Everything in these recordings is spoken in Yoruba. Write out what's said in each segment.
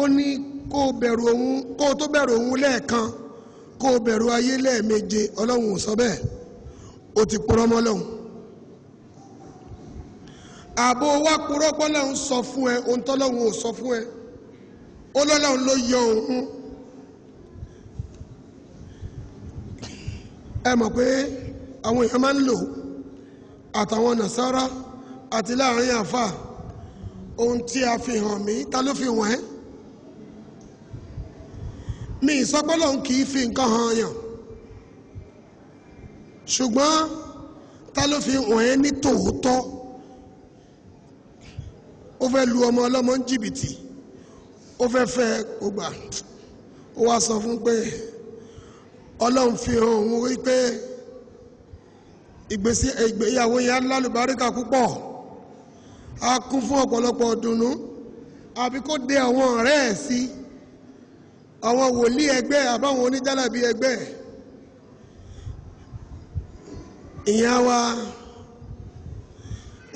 ó ní kó o bẹ̀rù òun kó o tó bẹ̀rù òun lẹ́ẹ̀kan kó o bẹ̀rù ayé lẹ́ẹ̀meje ọlọ́run ò sọ bẹ́ẹ̀ o ti purọ́ mọ́ lọ́hùn. àbò wa purọ́ pọ́lọ́hún sọ fún ẹ ohun tọ́lọ́hún ò sọ fún ẹ ó lọ́lọ́hún ló yọ òun. ẹ mọ̀ pé àwọn èèyàn máa ń lò àtàwọn nàṣàrà àti láàrin àfà ohun tí a fi hàn mí ta ló fi wọ̀n ẹ́ mi ìsọpọ́lọ̀ ń kì í fi nǹkan hàn yàn ṣùgbọ́n ta ló fi hàn ẹ́ ní tòótọ́ ó fẹ́ lu ọmọ ọlọ́mọ ń jìbìtì ó fẹ́ fẹ́ kó gbà ó wá sọ fún pé ọlọ́run fi hàn òun wípé ìgbésí ìgbéyàwó yẹn lálùbáríkà púpọ̀ a kún fún ọ̀pọ̀lọpọ̀ dùnnú àbí kó de àwọn ọ̀rẹ́ ẹ̀ sí. Si àwọn wòlíì ẹgbẹ́ àbáwọn oníjálàbí ẹgbẹ́ ìyá wa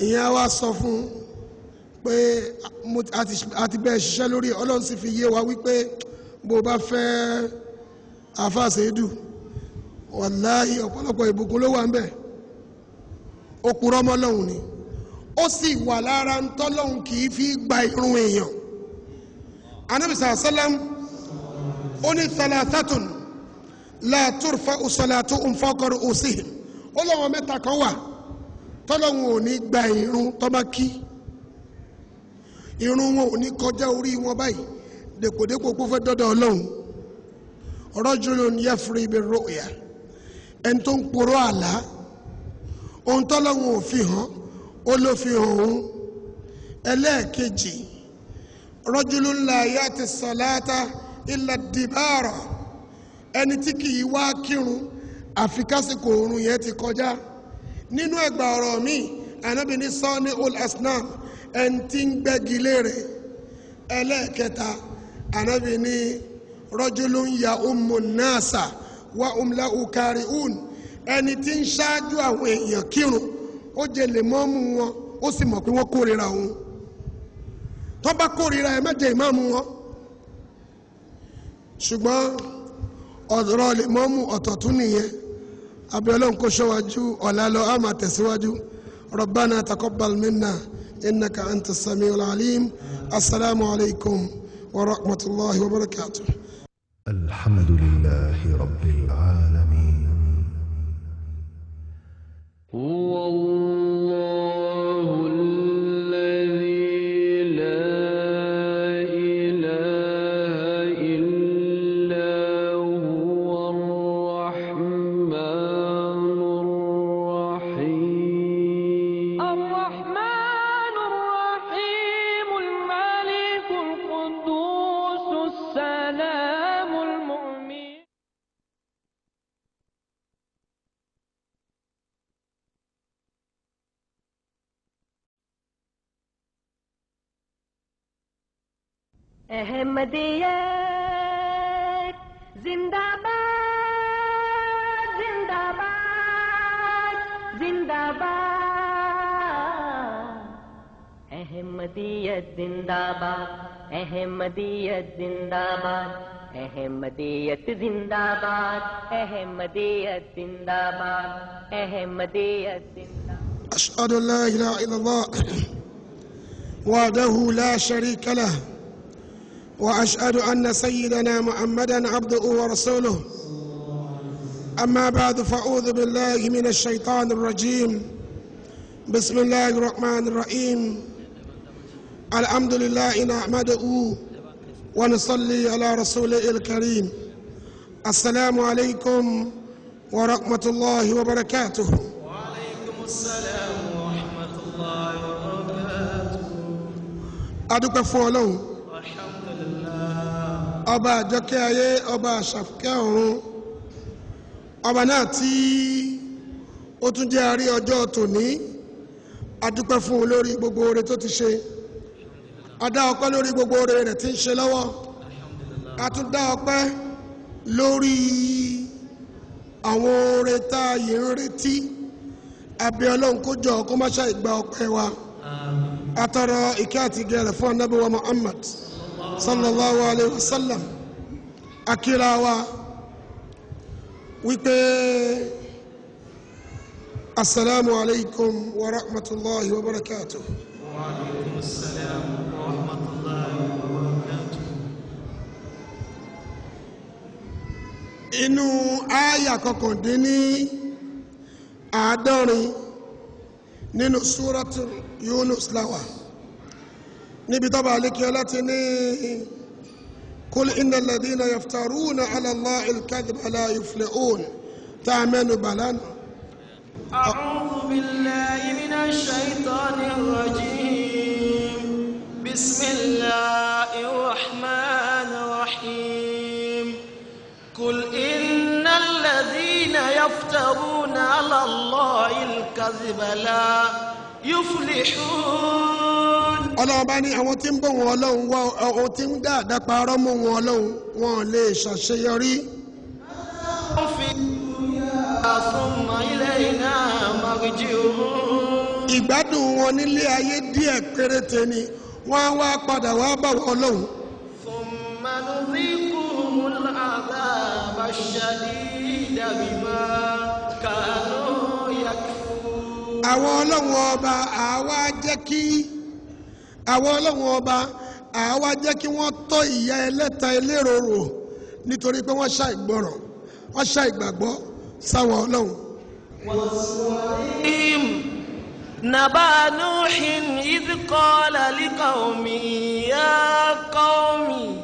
ìyá wa sọ fún pé a ti bẹ́ẹ̀ ṣiṣẹ́ lórí ọlọ́run sì fi yé wa wípé bó bá fẹ́ àfàṣẹ́dù wàláhì ọ̀pọ̀lọpọ̀ ìbùkún ló wà ń bẹ̀ ó purọ́ mọ́ lọ́hùn ni ó sì wà lára ń tọ́lọ́hùn kì í fi gba irun èèyàn anábìsà sálámù ó ní thalathatun la turfa'u salatuhum fawqa ru'usihim ó lọ́wọ́ mẹ́ta kan wà tọ́lọ́hún ò ní gba ìrun tọ́ba kí ìrun wọn ò ní kọjá orí wọn báyìí dèkòdèkò kó fẹ́ dọ́dọ̀ ọlọ́run rajulun yafri birru'ya ẹni tó ń poró àlá ohun tọ́lọ́hún ò fi hàn ó ló fi hàn òun ẹlẹ́ẹ̀kejì rajulun la ya'ti salata ilẹ̀ dìbàrọ̀ ẹni tí kì í wá kírun àfi kásìkò oorun yẹn ti kọjá nínú ẹgbà ọ̀rọ̀ mi ànábì ní sọ́ọ́ni ul asnam ẹni tí ń gbẹ́gi léèrè ẹlẹ́ẹ̀kẹta ànábì ní rọ́júlù ya umu nasa wa umla ukari un ẹni tí ń ṣáájú àwọn èèyàn kírun ó jẹ lè mọ́mú wọn ó sì mọ̀ pé wọ́n kórìíra òun tó bá kórìíra ẹ ìmáàmù wọn. ṣùgbọ́n ọ̀dọ̀rọ̀ lèmọ́mù ọ̀tọ̀ tún nìyẹn abẹ́lẹ́hùn kó ṣọ́wájú ọ̀la lọ á máa tẹ̀síwájú rabbana taqabbal minna innaka anta samiul alim asalaamu alaykum wa rahmatulahi wa barakatu. alhamdulillahi rabbi alamin. هو الله अहमदियत जिंदाबाद अहमदियत जिंदाबाद अहमदियत जिंदाबाद अहमदियत जिंदाबाद अहमदियत जिंदाबाद أشهد أن لا إله إلا الله وحده لا شريك له وأشهد أن سيدنا محمدا عبده ورسوله أما بعد فأعوذ بالله من الشيطان الرجيم بسم الله الرحمن الرحيم الحمد لله نحمده ونصلي على رسوله الكريم السلام عليكم ورحمة الله وبركاته وعليكم السلام ورحمة الله وبركاته أدوك فولو الحمد لله أبا جكاية أبا شفكاو أبا ناتي ó tún jẹ́ àárí ọjọ́ tòní adúpẹ́ a dá ọpẹ́ lórí gbogbo oore rẹ̀ tí ń ṣe lọ́wọ́ a tún dá ọpẹ́ lórí àwọn oore tá a yìí ń retí abẹ́ ọlọ́run kó jọ kó má ṣe ìgbà ọpẹ́ wa atọrọ ìkẹ́ àti gẹ̀rẹ̀ fún anábì wa muhammad sallallahu alayhi wa sallam akíra wa wípé asalaamu alaykum wa rahmatulahi wa barakatuh. wa alaykum salaam. ورحمة الله وبركاته inú àyà kọkàndínní àádọ́rin nínú súrọ́tù Yunus láwà níbi tọ́ba àlékí ọlọ́tí ní kul inna alladhina yaftaruna ala Allahi al-kadhiba la yuflihun tá a mẹ́nu bàlánà. أعوذ بالله من الشيطان الرجيم بسم الله الرحمن الرحيم قل إن الذين يفترون على الله الكذب لا يفلحون ọlọ́run bá ní àwọn tí ń bọ̀ wọn ọlọ́run wá ọ tí ń dáadáa parọ́ mọ́ wọn ọlọ́run wọn lè ṣàṣeyọrí. wọ́n fi àfọ̀mọ́ ilé iná màrìjì òun. ìgbádùn wọn nílé ayé díẹ̀ péréte ni wọ́n á wá padà wá bá wọ́n lọ́hùn. thumma nuziquhumul azaba shadida bima kanu yakfurun. àwọn ọlọ́run ọba àwa jẹ́ kí àwọn ọlọ́run ọba àwa jẹ́ kí wọ́n tọ́ ìyà ẹlẹ́ta elérò nítorí pé wọ́n ṣàìgbọràn wọ́n ṣàìgbàgbọ́ sáwọn ọlọ́run. wàsíwáyé. نبأ نوح إذ قال لقومي يا قومي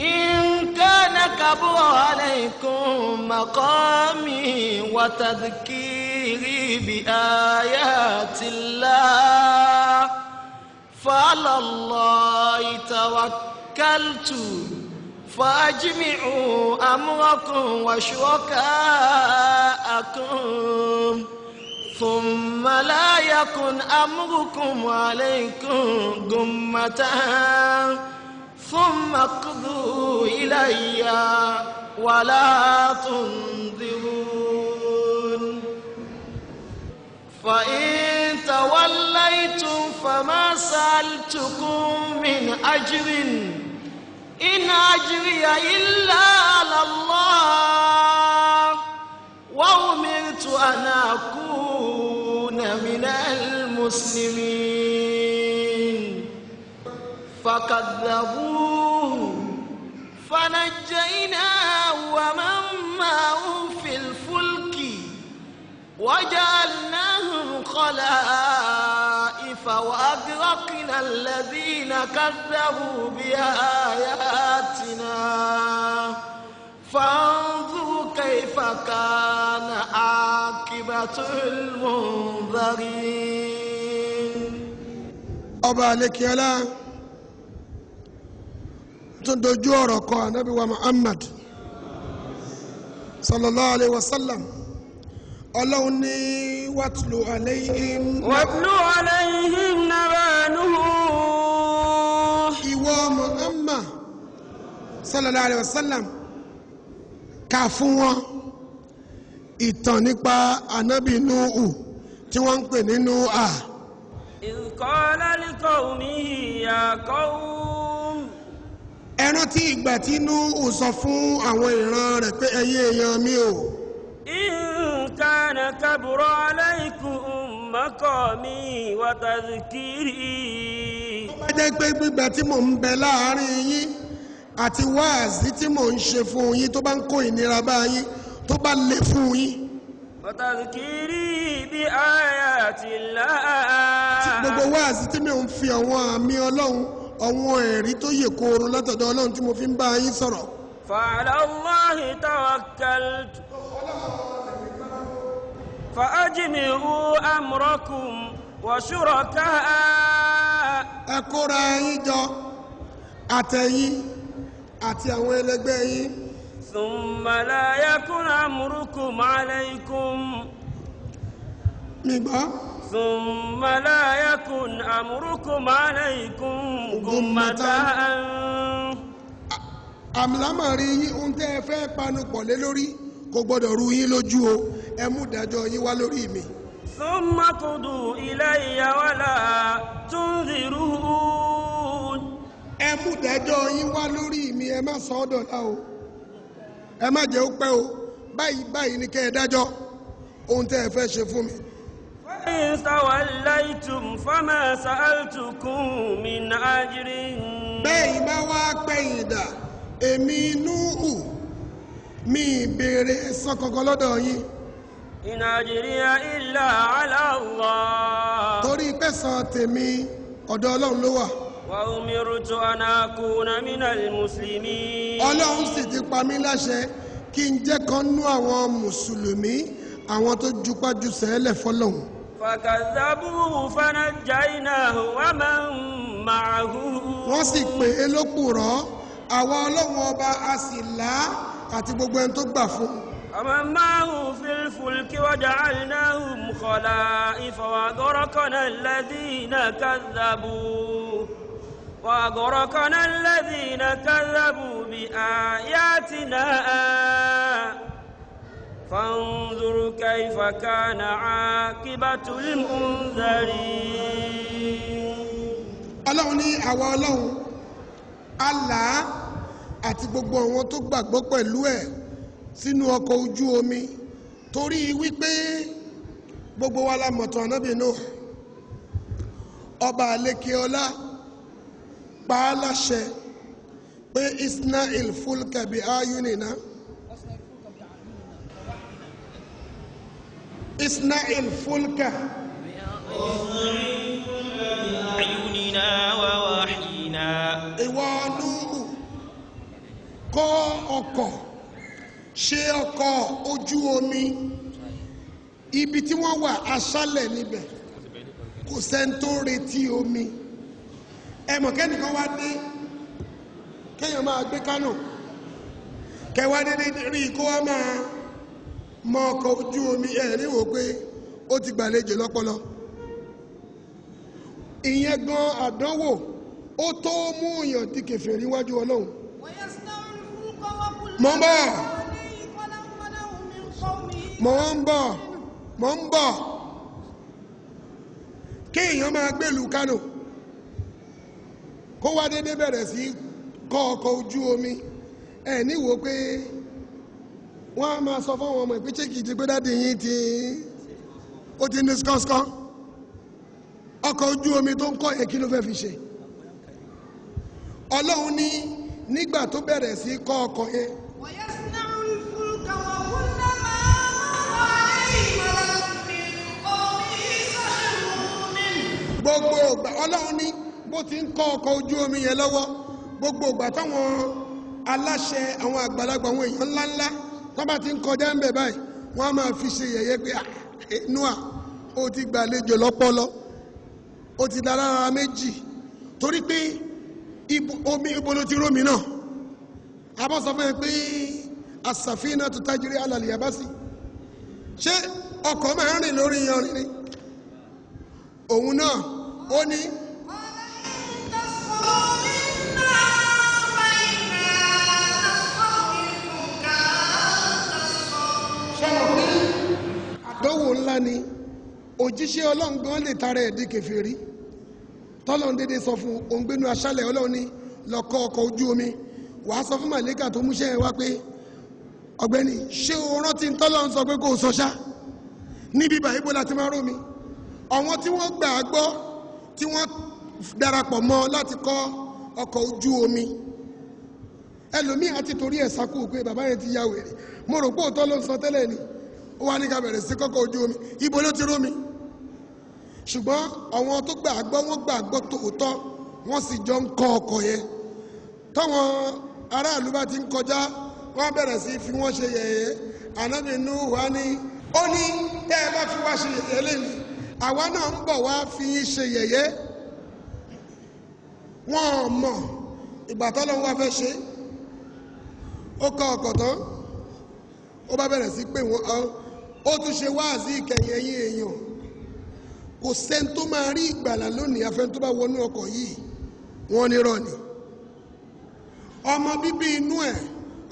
إن كان كبر عليكم مقامي وتذكيري بآيات الله فعلى الله توكلت فأجمعوا أمركم وشركاءكم ثم لا يكن أمركم عليكم غمة ثم اقضوا إلي ولا تنظرون فإن توليتم فما سألتكم من أجر إن أجري إلا على الله وأمر أن أكون من المسلمين فكذبوه فنجيناه ومن معه في الفلك وجعلناهم خلائف وأغرقنا الذين كذبوا بآياتنا فانظر كيف كان عاقبة المنذرين أبا يا يلا تندو جورك نبي محمد صلى الله عليه وسلم ألوني واتلو عليهم واتلو عليهم نبانه إيوام أما صلى الله عليه وسلم ka fún wọn ìtàn nípa anábì nuhu tí wọ́n ń pè ní nuha. ìkọ́lá ní kòun ní ìyá kòun. ẹ rántí ìgbà tí nuhu sọ fún àwọn ìran rẹ̀ pé ẹyẹ èèyàn mi o. ìkànnì kàbúrò aláìkùn mọ́kànmí wàtàzìkìrì. ó bá jẹ́ pé gbígbà tí mò ń bẹ láàárín yín àti wáàzí tí mò ń ṣe fún yín tó bá ń kó ìnira bá yín tó bá le fún yín. ọ̀tàzìkìrì bí ayatillah. tí gbogbo wáàzí tí mò ń fi àwọn àmì ọlọ́run àwọn ẹ̀rí tó yè kooro látọ̀dọ̀ ọlọ́run tí mo fi ń bá yín sọ̀rọ̀. fa'ala Allahi tawakkaltu. fa'ajmi'u amrakum wa shuraka'a. ẹ kóra yín jọ àtẹ̀yìn àti àwọn ẹlẹgbẹ́ yín. thumma la yakun amrukum alaykum. mi gbọ́. thumma la yakun amrukum alaykum gummatan. àmìlámàrí yín ohun tẹ́ ẹ fẹ́ panupọ̀ lé lórí kò gbọ́dọ̀ ru yín lójú o ẹ mú ìdájọ́ yín wá lórí mi. thumma kudu ilayya wala tunziruhu ẹ mú ìdájọ́ yín wá lórí mi ẹ má sọ ọ́ dọ̀la o ẹ má jẹ́ ó pẹ́ o báyìí báyìí ni kẹ́ ẹ dájọ́ ohun tẹ́ ẹ fẹ́ ṣe fún mi. fẹ́yìn sáwàláìtùm fama sa'altukun min ajrin. bẹ́ẹ̀ bá wá pẹ̀yìn dà èmi núhù mi béèrè ẹ̀san kankan lọ́dọ̀ yín. in ajriya illa ala Allah. torí pẹ̀sán tèmi ọ̀dọ̀ ọlọ́run ló wà wa umirtu an akuna minal muslimin. ọlọ́run sì ti pa mí láṣẹ kí n jẹ́ kan nú àwọn mùsùlùmí àwọn tó jupájú sẹ́lẹ̀ fọlọ́hún. fakadhabuhu fanajjaynahu wa man ma'ahu. wọ́n sì pè é lókùrọ̀ àwa ọlọ́run ọba a sì là á àti gbogbo ẹni tó gbà fún un. ومماه في الفلك وجعلناهم خلائف وغرقنا الذين كذبوا وأغرقنا الذين كذبوا بآياتنا فانظر كيف كان عاقبة المنذرين ọlọ́run ní àwa ọlọ́run Allah àti gbogbo àwọn tó gbàgbọ́ pẹ̀lú ẹ̀ sínú ọkọ̀ ojú omi torí wípé gbogbo wa la mọ̀tàn anábìínú ọba àlékè ọlá pa á láṣẹ pé isna'il fulka bi ayunina isna'il fulka ìwọ Nuhu kọ́ ọkọ̀ ṣe ọkọ̀ ojú omi ibi tí wọ́n wà aṣálẹ̀ níbẹ̀ kò sẹ́ni retí omi ẹ̀mọ̀ kẹ́nìkan wá dé kéèyàn máa gbé kánò kẹwàá dédé rí kó wá máa mọ ọkọ̀ ojú omi ẹ̀rí wò pé ó ti gbàlejò lọ́pọlọ ìyẹn gan àdánwò ó tó mú èèyàn di kèfèrí wájú ọlọ́run mọ̀ ń bọ̀ mọ̀ ń bọ̀ mọ̀ ń bọ̀ kéèyàn máa gbèlú kánò. kó wá déédéé bẹ̀rẹ̀ sí kọ́ ọkọ̀ ojú omi ẹ̀ níwò pé wọ́n á máa sọ fún ọmọ ìpínlẹ̀ kìjì pé dáàdi yín ti ó ti ní skọ́skọ́ ọkọ̀ ojú omi tó ń kọ́ yẹn kí ló fẹ́ fi ṣe ọlọ́run ní nígbà tó bẹ̀rẹ̀ sí kọ́ ọkọ̀ yẹn. gbogbo ọlọ́run ní. bó ti ń kọ́ ọkọ̀ ojú omi yẹn lọ́wọ́ gbogbo ìgbà táwọn aláṣẹ àwọn àgbàlagbà àwọn èèyàn ńláńlá tó bá ti ń kọjá ń bẹ̀ báyìí wọ́n á máa fi ṣe yẹ̀yẹ́ pé ah, noah ó ti gbàlejò lọ́pọ́lọ́ ó ti dá lára méjì torí pé omi ibo ti rómi náà abọ́ pé àsàfínà tó tajiri alàlẹ́ yàbá sí ṣé ọkọ̀ máa ń rìn lórí yanrìn òun náà ó ní àdánwò ńlá ni òjíṣẹ́ ọlọ́run gan lè tara ẹ̀ di kèfèrí tọ́lọ́run dédé sọ fún òǹgbẹ́nu aṣálẹ̀ ọlọ́run ní lọ́kọ́ ọkọ̀ ojú omi wàá sọ fún màlẹ́kà tó múṣẹ́ wá pé ọ̀gbẹ́ni ṣé o rántí tọ́lọ́run sọ pé kò sọ ṣá níbi bàyíbó láti máa rómi àwọn tí wọ́n gbà á gbọ́ tí wọ́n darapọ̀ mọ́ láti kọ́ ọkọ̀ ojú omi ẹlòmíì àti torí ẹ̀ sákò pé bàbá yẹn ti ya wèrè mo rò pé òótọ́ ló ń sọ tẹ́lẹ̀ ni ó wá ní ká bẹ̀rẹ̀ sí kọ́kọ́ ojú omi ibo ló ti rómi ṣùgbọ́n àwọn tó gbà gbọ́ wọ́n gbà gbọ́ tòótọ́ wọ́n sì jọ ń kọ́ ọkọ̀ yẹn táwọn aráàlú bá ti ń kọjá wọ́n bẹ̀rẹ̀ sí fi wọ́n ṣe yẹ̀yẹ́ ànábì nù wá ó ní tẹ́ ẹ bá fi wá ṣe yẹ̀yẹ́ lẹ́yìn àwa náà ń bọ̀ wá fi ṣe yẹ̀yẹ́ wọ́n mọ̀ ìgbà tọ́lọ́run wá fẹ́ ṣe ó kọ ọkọ̀ tán ó bá bẹ̀rẹ̀ sí pé wọ́n ọ́ ó tún ṣe wáàzí ìkẹyìn ẹ̀yìn èèyàn kò sẹ́ni tó máa rí ìgbàlà lónìí afẹ́ni tó bá wọnú ọkọ̀ yìí wọ́n ní rọ̀ ọmọ bíbí inú ẹ̀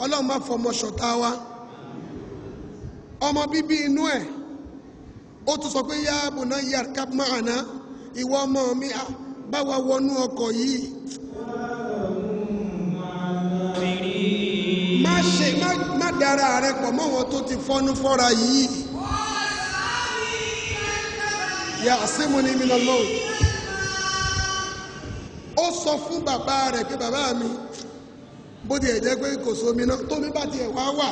ọlọ́run má fọmọ ṣọ̀tá wa ọmọ bíbí inú ẹ̀ ó tún sọ pé yáàbùnà yàrá kápẹ́ máa ná ìwọ ọmọ mi á. bá wa wọnú ọkọ̀ yìí. má ṣe má dara rẹ pọ̀ mọ́ wọn tó ti fọ́nú fọ́ra yìí. yà símú ni mi lọ́lọ́ o. ó sọ fún bàbá rẹ̀ pé bàbá mi bó di jẹ́ pé kò sómi náà tómi bá tiẹ̀ wá wà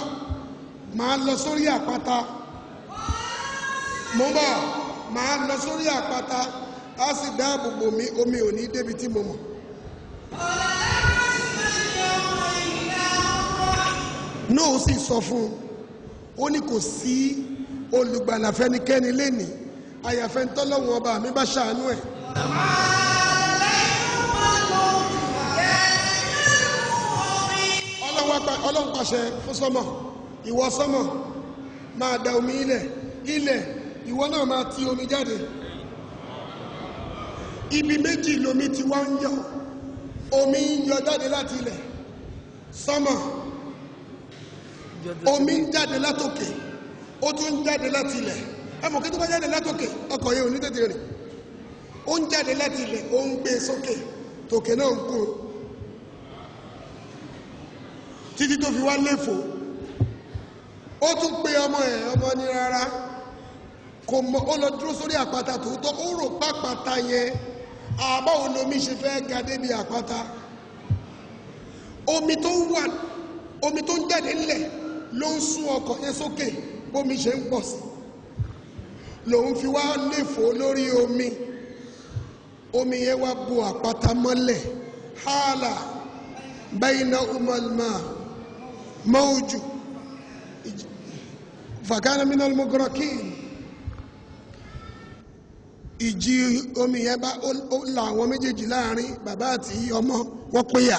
màá lọ mo bọ̀ màá lọ sórí àpáta. á sì dáàbò bò mí omi ò ní débi tí mo mọ̀. náà sì sọ fún un ó ní kò sí olùgbàlà fẹ́nikẹ́ni lénìí àyàfẹ́ ń tọ́lọ́wọ́n ọba mi bá ṣàánú ẹ̀. ọlọ́run pàṣẹ fún sọ́mọ̀ ìwọ sọ́mọ̀ máa da omi ilẹ̀ ilẹ̀ ìwọ náà máa ti omi jáde ibi méjì lomi ti wá ń yọ omi ń yọ jáde láti ilẹ̀ sánmà omi ń jáde látòkè ó tún ń jáde láti ilẹ̀ ẹ mọ̀ kí tó bá jáde látòkè ọkọ̀ yẹn ò ní tètè rìn ó ń jáde láti ilẹ̀ ó ń gbé e sókè tòkè náà ń kún títí tó fi wá léfòó ó tún pe ọmọ ẹ̀ ọmọ ní rárá kò mọ ó lọ dúró sórí àpáta tòótọ́ ó rò pápáta yẹn àbáwọn lomi ṣe fẹ́ ga débi àpáta omi tó wà omi tó ń jáde ńlẹ̀ ló ń sún ọkọ̀ yẹn sókè bómi ṣe ń pọ̀ sí lòun fi wá léfò lórí omi omi yẹn wá bo àpáta mọ́lẹ̀ hàlà bayna umalma mawju fàkànà minal ìjì omi yẹn bá ó la àwọn méjèèjì láàrin bàbá àti ọmọ wọ́n péyà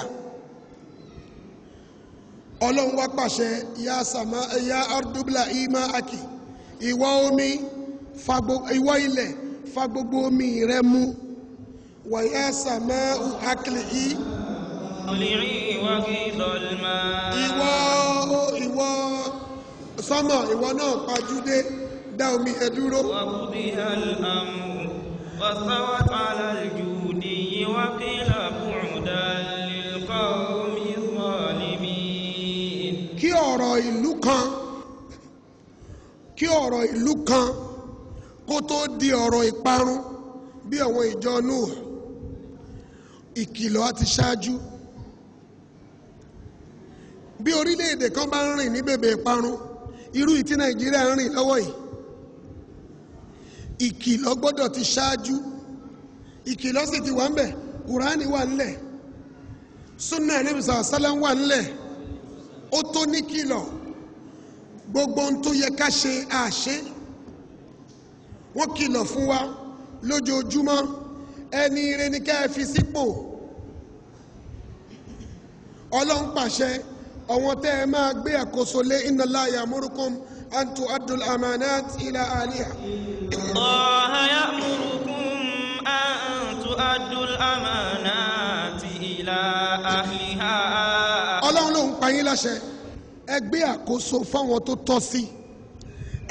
ọlọ́run wá pàṣẹ ya sàmá ya ardubla ima aki ìwọ omi ìwọ ilẹ̀ fa gbogbo omi rẹ mu wà ya sàmá akili i. ìwọ ìwọ sọmọ ìwọ náà pajú dé dá omi ẹ dúró. wàhùn bí hàn واستوت على الجودي وقيل بعدا للقوم الظالمين kí ọ̀rọ̀ ìlú kan kí ọ̀rọ̀ ìlú kan kó tó di ọ̀rọ̀ ìparun bí àwọn ìjọ Nuh ìkìlọ̀ àti ṣáájú bí orílẹ̀-èdè kan bá ń rìn ní bèbè ìparun irú ìtí Nàìjíríà ń rìn lọ́wọ́ yìí ìkìlọ̀ gbọ́dọ̀ ti ṣáájú ìkìlọ̀ sì ti wà ń bẹ̀ kùránì wà ńlẹ̀ súnà Ànábì sàlám wà ńlẹ̀ ó tó ní kìlọ̀ gbogbo ohun tó yẹ ká ṣe àṣe wọ́n kìlọ̀ fún wa lójoojúmọ́ ẹni ire ni ká ẹ fi sípò ọlọ́run pàṣẹ ọ̀wọ́n tẹ́ ẹ máa gbé àkóso lé inna Allaha ya'murukum an tu'addul amanat ila ahliha. الله يأمركم أن تؤدوا الأمانات إلى أهلها ọlọ́run ló ń pa yín láṣẹ ẹ gbé àkóso fáwọn tó tọ́ sí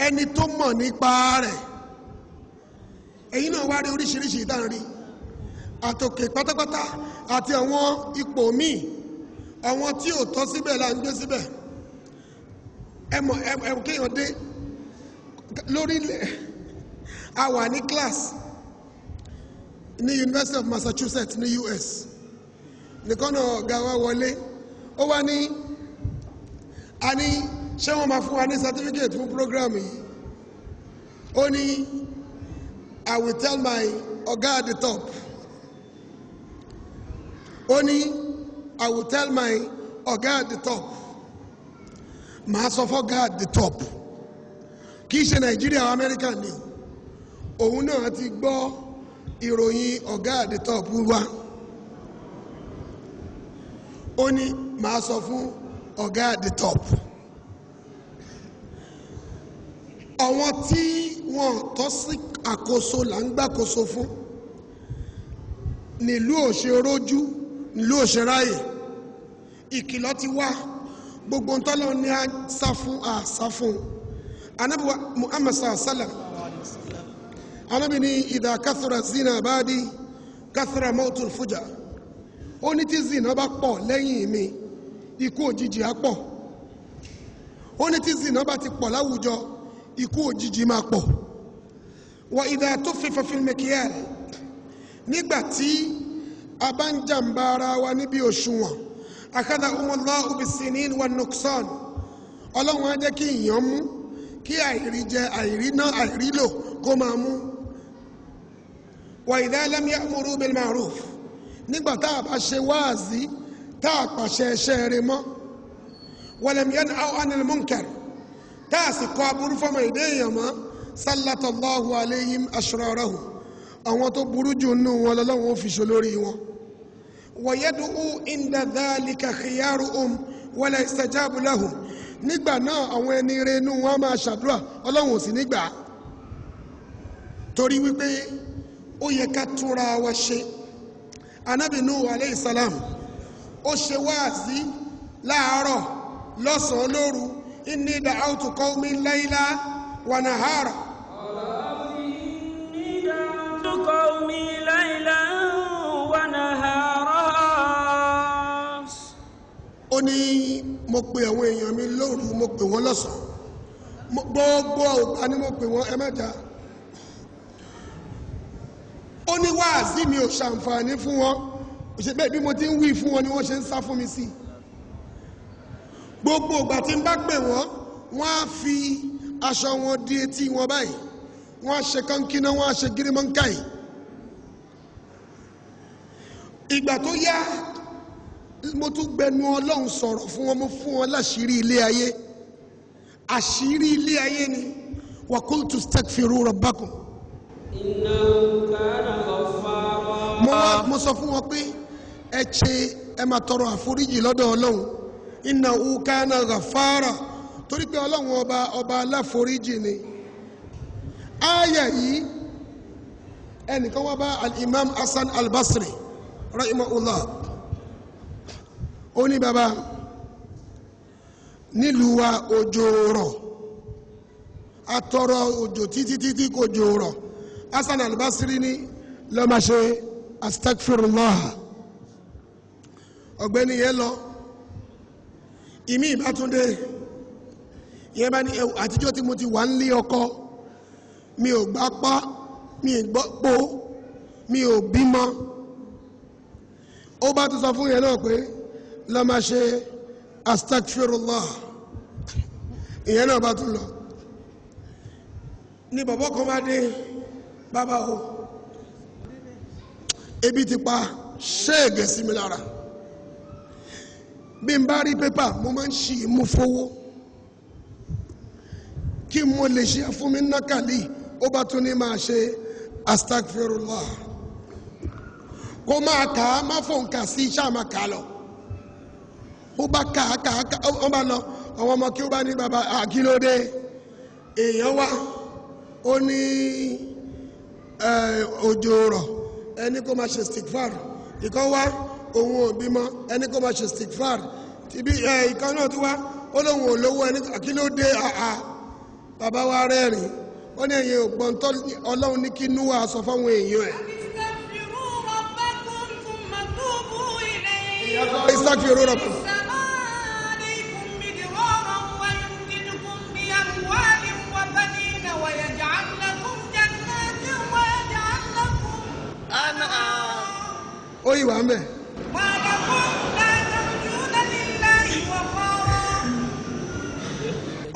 ẹni tó mọ̀ nípa rẹ̀ èyí náà wá rí oríṣiríṣi ìdárin àtòkè pátápátá àti àwọn ipò míì àwọn tí ò tọ́ síbẹ̀ là ń gbé síbẹ̀ ẹ mọ̀ kéèyàn dé lórílẹ̀ a wà ní class ní University of Massachusetts ní US nìkan náà ọ̀gá wa wọlé ó wá ní a ní ṣé wọ́n máa fún wa ní certificate fún program yìí ó ní I will tell my ọ̀gá at the top ó ní I will tell my ọ̀gá at the top màá sọ fọ́gá at the top kì í ṣe Nàìjíríà Amẹ́ríkà ni o òun náà ti gbọ́ ìròyìn ọ̀gá àdètọ́pù wa ó ní màá sọ fún ọ̀gá àdètọ́pù àwọn tí wọ́n tọ́ sí àkóso là ń gbàkóso fún nílùú òṣè rójú nílùú òṣè ráyè ìkìlọ̀ ti wá gbogbo ntọ́lọ́ ní a sá fún a sá fún anábíwá Muhammad sallam alamini ní ìdá zina báàdì kathura mautul fuja ó ní tí zina bá pọ̀ lẹ́yìn mi ikú òjijì á pọ̀ ó ní tí zina bá ti pọ̀ láwùjọ ikú òjijì máa pọ̀ wà ìdá tó fífa fílmẹkìyàl nígbà tí a bá ń jàǹbá ara wa níbi òṣùwọ̀n akádà umullahu bisinin wa nuksan ọlọ́run á jẹ́ kí ìyàn mú kí àìrí jẹ àìrí ná àìrí lò kó máa mú wà idha lam ya'muru bil ma'ruf nígbà tá a bá ṣe wáàzí tá a pàṣẹ ẹṣẹ́ rẹ mọ́ wa lam yan'aw 'anil munkar tá a sì kọ́ aburú fọmọ ìdé èèyàn mọ́ sallatallahu alayhim ashrarahu àwọn tó burú jù nù wọn lọ́wọ́ fi ṣe lórí wọn wa yad'u inda dhalika khiyaruhum wa la istajabu nígbà náà àwọn ẹni rẹ nù wọn máa ṣàdúrà ọlọ́run sì nígbà torí wípé ó yẹ ká túra wa ṣe anabi nuhu aleyhi salam ó ṣe wáàsí láàárọ̀ lọ́sàn-án lóru inni da'awtu qawmi layla wa nahara. inni da'awtu qawmi layla wa nahara. ó ní mo pe àwọn èèyàn mi lóru mo pe wọ́n lọ́sàn-án gbogbo ọ̀gbà ni mo pe wọ́n ẹ mẹ́ta torí wáàzí mi ò ṣàǹfààní fún wọn òṣè bẹ́ẹ̀ bí mo ti ń wí fún wọn ni wọ́n ṣe ń sá fún mi sí gbogbo ìgbà tí n bá pè wọ́n wọ́n á fi aṣọ wọn di etí wọn báyìí wọ́n á ṣe kọ́ńkínná wọ́n á ṣe gírímọ́ńkàì ìgbà tó yá mo tún gbẹnu ọlọ́run sọ̀rọ̀ fún wọn mo fún wọn láṣìírí ilé ayé àṣírí ilé ayé ni wa qultu astaghfiru rabbakum. innahu kana mo sọ fún wọn pé ẹ ṣe ẹ máa tọrọ àforíjì lọ́dọ̀ ọlọ́run innahu kana ghafara torí pé ọlọ́run ọba ọba aláforíjì ni àyà yìí ẹnìkan wá bá al-imam hasan al-basri rahimahullah ó ní bàbá nílùú wa òjò rọ̀ atọrọ òjò títí títí kò jò rọ̀ hasan al-basri ní lọ́ọ́ máa ṣe astagfirullah ọ̀gbẹ́ni yẹn lọ ìmí ìbátúndé yẹn bá ní ẹwù àtijọ́ tí mo ti wà ń lé ọkọ mi ò gbá pa mi ò gbọ́ po mi ò bímọ ó bá tún sọ fún yẹn náà pé lọ máa ṣe astagfirullah ìyẹn náà bá tún lọ ní bàbá kan bá dé bàbá o ebi ti pa ṣéègè sí mi lára bí n bá rí pépà mo máa ń ṣì í mú fowó kí mo lè ṣe fún mi nákàlí ó bá tún ní máa ṣe astagfirullah kó máa kà á má fò ń kà sí iṣẹ́ àmà kà á lọ ó bá kà á kà á kà ó bá lọ àwọn ọmọ kí ó bá ní bàbá àkílódé èèyàn wá ó ní òjò rọ̀ ẹni kó máa ṣe stigfar ìkan wá òun ò bímọ ẹni kó máa ṣe stigfar ibi ìkan náà tún wá ó lóun ò lówó ẹni kí ló dé àá bàbá wa rẹ́rìn ó ní ẹ̀yìn ògbọ́n tó ọlọ́run ní kí núwà sọ fáwọn èèyàn ẹ̀. ìyàtọ̀ ìsàkìrò rọ̀bù. ó yìí wà ń bẹ̀.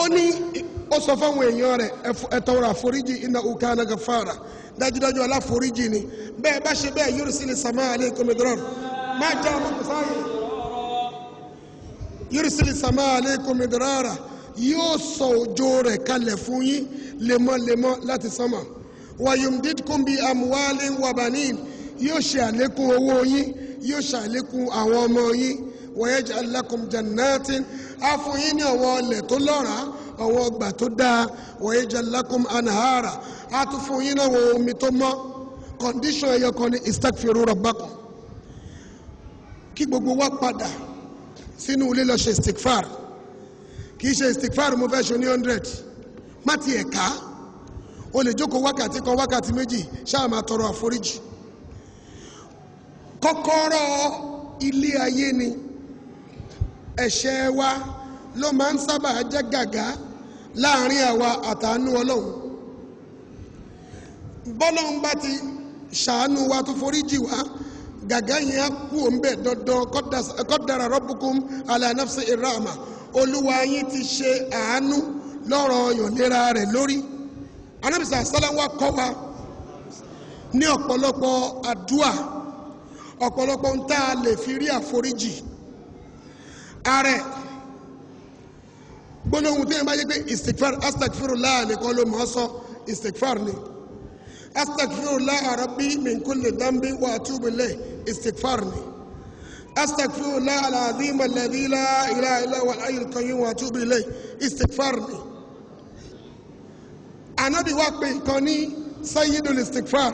ó ní ó sọ fáwọn èèyàn rẹ̀ ẹ tọrọ àforíjì iná òkè anaga fara dájúdájú aláforíjì ni bẹ́ẹ̀ bá ṣe bẹ́ẹ̀ ni sama aleikum midrar má jẹ́ àwọn ni yursili sama aleikum midrara yóò sọ òjò rẹ̀ kalẹ̀ fún yín lemọ́lemọ́ láti sánmà wàyùmdídkùn bíi amwalin yóò ṣe àlékún owó yín yóò ṣe àlékún àwọn ọmọ yín wayaj'al lakum jannatin á fún yín ní àwọn ọlẹ̀ tó lọ́ràá àwọn ọgbà tó dáa wayaj'al lakum anahara, á tún fún yín náà àwọn omi tó mọ́ condition ẹ̀yọ kan ní istaghfiru rabbakum kí gbogbo wa padà sínú ilé lọ ṣe istikfar kì í ṣe istikfar mo fẹ́ ṣe ní hundred má tiẹ̀ ká o lè jókòó wákàtí kan wákàtí méjì ṣáà máa tọrọ àforíjì kọ́kọ́rọ́ ilé ayé ni ẹ̀ṣẹ̀ wa ló máa ń sábà jẹ́ gàgá láàrin àwa àtàánú ọlọ́run bọ́lọ́run bá ti ṣàánú wa tó foríjì wa gàgá yẹn á kú òǹbẹ dandan kọ́dára rọ́bùkún alànàfṣe ìrààmà olúwa yín ti ṣe àánú lọ́rọ̀ yọ̀nira rẹ̀ lórí anábìsà sálá wa kọ́ wa ní ọ̀pọ̀lọpọ̀ àdúà ọ̀pọ̀lọpọ̀ ń tá a lè fi rí àforíjì ààrẹ gbólóhùn tí yẹn bá yẹ pé istikfar astagfirullah nìkan ló mọ̀ ọ́ sọ istikfar ni astagfirullah rabbi min kulli dhanbi wa atubu ilayh istikfar ni astagfirullah alazim alladhi la ilaha illa huwa alhayyul qayyum wa atubu ilayh istikfar ni anabi wa pe nǹkan ní sayyidul istikfar.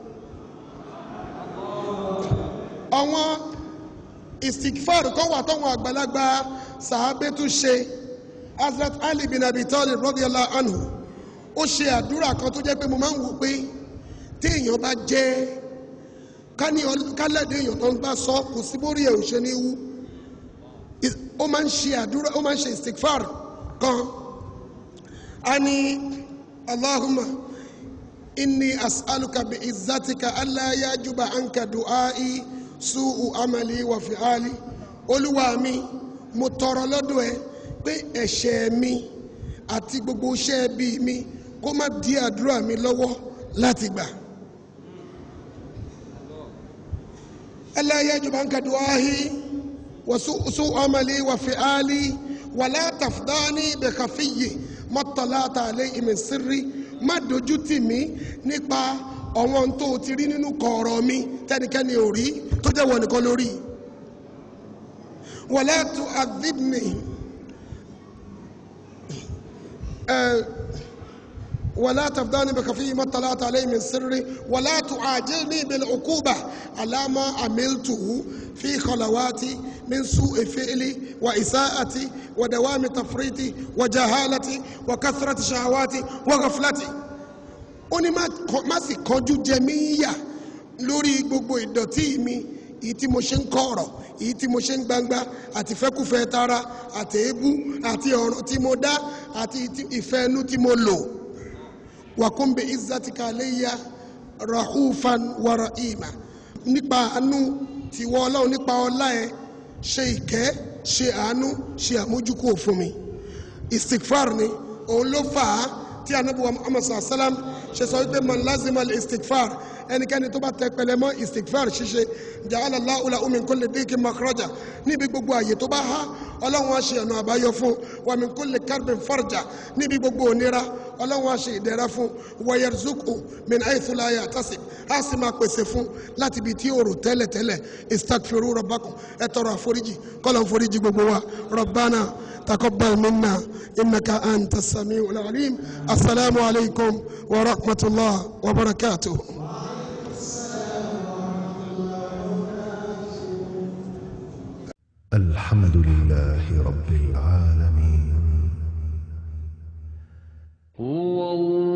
àwọn istikfar kan wà táwọn àgbàlagbà sàábé tún ṣe Hazrat Ali bin Abi Talib radiyallahu anhu ó ṣe àdúrà kan tó jẹ́ pé mo máa ń wò pé téèyàn bá jẹ́ kálẹ̀dẹ̀ èèyàn tó ń gbà sọ kò sí bórí ẹ̀ ò ṣe ní wú ó máa ń ṣe àdúrà ó máa ń ṣe istikfar kan a ní Allahumma inni as'aluka bi izzatika alla anka du'ai suhu amali wàfi ali olúwa mi mo tọrọ lọ́dọ̀ ẹ pé ẹ̀ṣẹ̀ mi àti gbogbo iṣẹ́ ẹbí mi kó má di àdúrà mi lọ́wọ́ láti gbà. ẹlẹ́yẹ jùmọ̀ nǹkan dùn áhí wàsúùsù amali wàfi ali wàlá tàfdání bẹ̀kàfíyè mọ́tàlá tàlẹ́ ìmẹ̀sírí má dojú tì mí nípa. ọ̀wọ́n tó o ti rí nínú kọ̀ọ̀rọ̀ mi tẹ́nikẹ́ni ò rí tó jẹ́ wọ̀ nìkan lórí wala tu'adhibni ولا تفداني بك فيه ما اطلعت عليه من سري ولا تعاجلني بالعقوبة على ما عملته في خلواتي من سوء فعلي وإساءتي ودوام تفريطي وجهالتي وكثرة شهواتي وغفلتي ó ní má sì kánjú jẹ mí yà lórí gbogbo ìdọ̀tí mi èyí tí mo ṣe ń kọ̀rọ̀ èyí tí mo ṣe ń gbangba àti fẹ́kúfẹ́ tara àti èébú àti ọ̀rọ̀ tí mo dá àti ìfẹ́ inú tí mo lò wàkúńbẹ izatika aléyà rahufan wara ima nípa àánú tiwọ ọlọ́run nípa ọlá ẹ ṣe ìkẹ́ ṣe àánú ṣe àmójúkú òfin mi istikfar ni òun ló fà á tí anabi wa muhammad sallam ṣe sọ wípé man lazima al istighfar ẹnikẹ́ni tó bá tẹ pẹlẹ mọ́ istikfar ṣíṣe ja'ala Allahu lahu min kulli dhiqin makhraja níbi gbogbo àyè tó bá há ọlọ́run á ṣe ọ̀nà àbáyọ fún wa min kulli karbin farja níbi gbogbo ònira ọlọ́run á ṣe ìdẹ̀ra fún wa yarzuqhu min haythu la yahtasib á sì máa pèsè fún láti ibi tí òòrùn tẹ́lẹ̀tẹ́lẹ̀ istaghfiru rabbakum ẹ tọrọ àforíjì kọ́lọ̀ ń gbogbo wa rabbana taqabbal minna innaka anta sami'ul alim assalamu alaykum wa rahmatullah wa barakatuh. الحمد لله رب العالمين هو الله